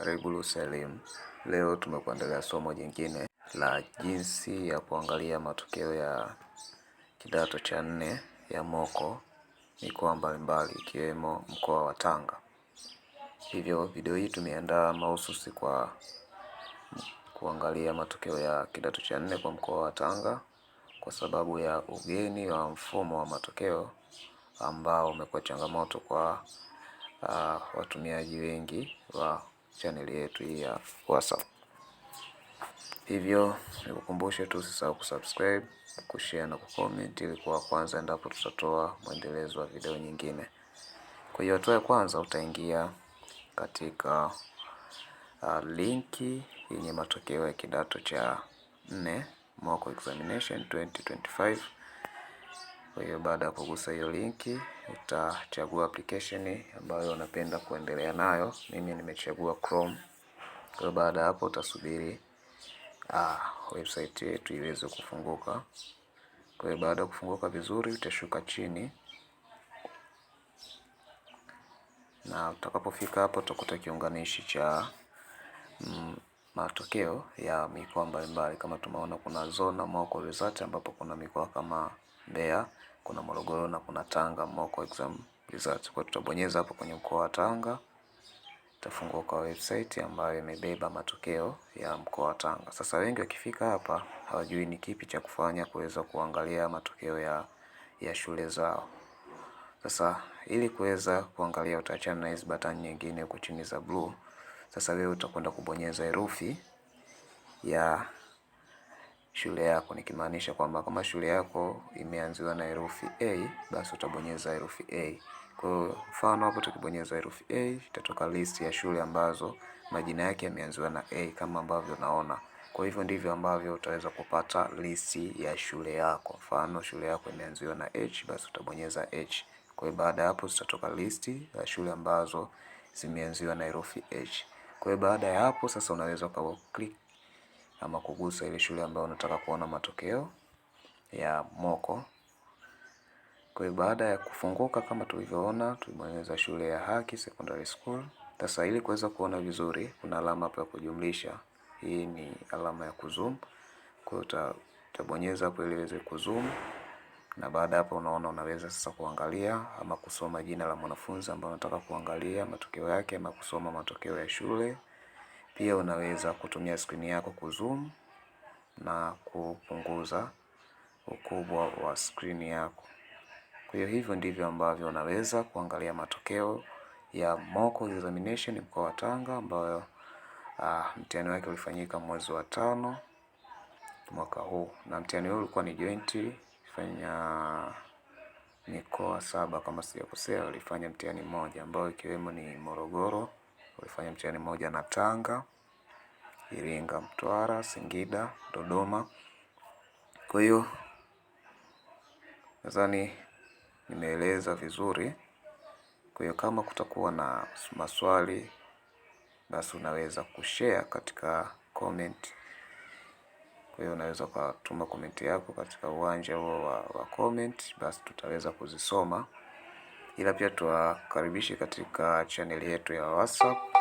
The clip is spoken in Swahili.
Karibu Salim. Leo tumekuandalia somo jingine la jinsi ya kuangalia matokeo ya kidato cha nne ya moko mikoa mbalimbali ikiwemo mkoa wa Tanga. Hivyo video hii tumeandaa mahususi kwa kuangalia matokeo ya kidato cha nne kwa mkoa wa Tanga kwa sababu ya ugeni wa mfumo wa matokeo ambao umekuwa changamoto kwa uh, watumiaji wengi wa channel yetu hii ya WhatsApp. Hivyo nikukumbushe tu usisahau kusubscribe, kushare na kucomment ili kuwa kwanza endapo tutatoa mwendelezo wa video nyingine. Kwa hiyo hatua ya kwanza utaingia katika uh, linki yenye matokeo ya kidato cha nne mock examination 2025 kwa hiyo baada ya kugusa hiyo linki utachagua application ambayo unapenda kuendelea nayo. Mimi nimechagua Chrome. Kwa hiyo baada ya hapo utasubiri ah, website yetu iweze kufunguka. Kwa hiyo baada ya kufunguka vizuri utashuka chini na utakapofika hapo utakuta kiunganishi cha mm, matokeo ya mikoa mbalimbali. Kama tumeona kuna zona na Mkoa ambapo kuna mikoa kama Mbeya kuna Morogoro na kuna Tanga mock exam results. Kwa tutabonyeza hapo kwenye mkoa wa Tanga, tafungua kwa website ambayo imebeba matokeo ya mkoa wa Tanga. Sasa wengi wakifika hapa hawajui ni kipi cha kufanya kuweza kuangalia matokeo ya, ya shule zao. Sasa ili kuweza kuangalia utaachana na hizi button nyingine huko chini za blue. Sasa wewe utakwenda kubonyeza herufi ya shule yako, nikimaanisha kwamba kama shule yako imeanziwa na herufi A, basi utabonyeza herufi A. Kwa hiyo mfano hapo tukibonyeza herufi A itatoka list ya shule ambazo majina yake yameanziwa na A kama ambavyo unaona. Kwa hivyo ndivyo ambavyo utaweza kupata listi ya shule yako. Mfano shule yako imeanziwa na H, basi utabonyeza H. Kwa hiyo baada ya hapo zitatoka listi ya shule ambazo zimeanziwa na herufi H. Kwa hiyo baada ya hapo sasa unaweza uka click ama kugusa ile shule ambayo unataka kuona matokeo ya moko. Kwa hiyo baada ya kufunguka kama tulivyoona, tumeweza shule ya Haki Secondary School. Sasa ili kuweza kuona vizuri, kuna alama hapa ya kujumlisha. Hii ni alama ya kuzoom. Kwa hiyo utabonyeza hapo ili iweze kuzoom, na baada hapo, unaona unaweza sasa kuangalia ama kusoma jina la mwanafunzi ambaye unataka kuangalia matokeo yake ama kusoma matokeo ya shule. Pia unaweza kutumia skrini yako kuzoom na kupunguza ukubwa wa skrini yako. Kwa hiyo hivyo ndivyo ambavyo unaweza kuangalia matokeo ya mock examination mkoa wa Tanga ambayo ah, mtihani wake ulifanyika mwezi wa tano mwaka huu, na mtihani huu ulikuwa ni joint fanya mikoa saba kama sijakosea, walifanya mtihani mmoja ambao ikiwemo ni Morogoro ulifanya mtihani mmoja na Tanga, Iringa, Mtwara, Singida, Dodoma. Kwa hiyo nadhani nimeeleza vizuri. Kwa hiyo kama kutakuwa na maswali, basi unaweza kushare katika comment. Kwa hiyo unaweza ukatuma komenti yako katika uwanja huo wa, wa comment, basi tutaweza kuzisoma ila pia tuwakaribishe katika chaneli yetu ya WhatsApp